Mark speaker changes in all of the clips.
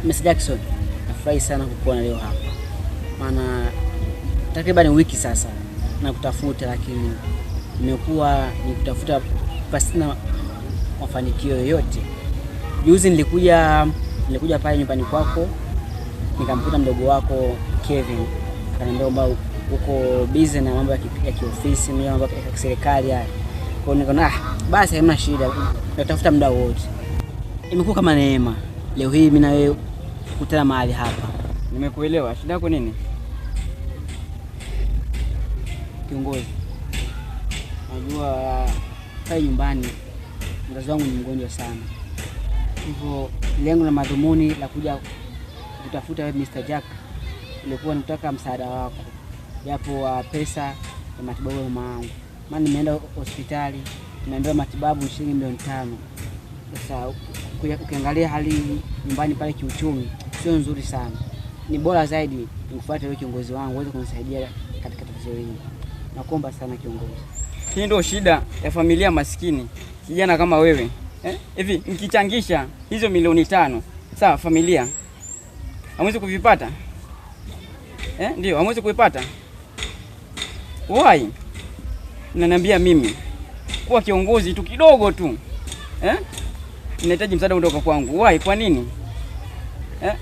Speaker 1: Miss Jackson, nafurahi sana kukuona leo hapa, maana takriban wiki sasa nakutafuta, lakini nimekuwa nikutafuta pasina mafanikio yoyote. Juzi nilikuja nilikuja pale nyumbani kwako nikamkuta mdogo wako Kevin, kaniambia kwamba uko busy na mambo ya kiofisi, mambo ya kiserikali haya. Kwa hiyo nikaona ah, basi hamna shida, natafuta muda wote. Imekuwa kama neema leo hii mimi na wewe kukutana mahali hapa.
Speaker 2: Nimekuelewa. Shida yako nini?
Speaker 1: Kiongozi, najua kai nyumbani mzazi wangu ni mgonjwa sana, hivyo lengo na madhumuni la kuja kutafuta wewe Mr. Jack ilikuwa nataka msaada wako, japo wa pesa ya matibabu ya mama yangu, maana nimeenda hospitali nimeambiwa matibabu shilingi milioni tano. Sasa ukiangalia hali nyumbani pale kiuchumi sio nzuri sana. Ni bora zaidi nikufuate wewe kiongozi wangu, uweze kunisaidia katika tatizo hili. Nakuomba sana kiongozi.
Speaker 2: Hii ndio shida ya familia maskini, kijana kama wewe eh, hivi eh? hizo milioni tano sawa, familia hamwezi kuvipata eh? Ndio, hamwezi kuipata. wai naniambia mimi kuwa kiongozi tu kidogo tu eh? Ninahitaji msaada kutoka kwangu. wai Kwa nini eh?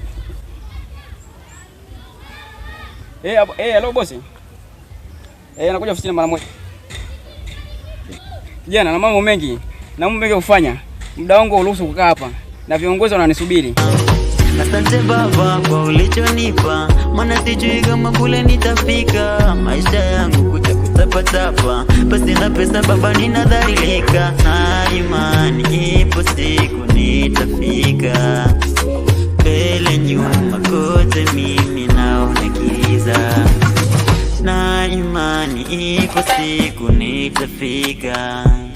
Speaker 2: Eh, eh, hello bosi. Eh, anakuja ofisini mara moja. Kijana na mambo mengi na mambo mengi kufanya. Muda wangu uruhusu kukaa hapa na viongozi wananisubiri. Asante baba kwa ulichonipa, mwana sijui kama kule nitafika. Maisha yangu kuja kutapatapa, basi na pesa baba, ninadhalilika. Na imani ipo, siku nitafika, mbele nyuma, kote mimi imani, ipo siku nitafika.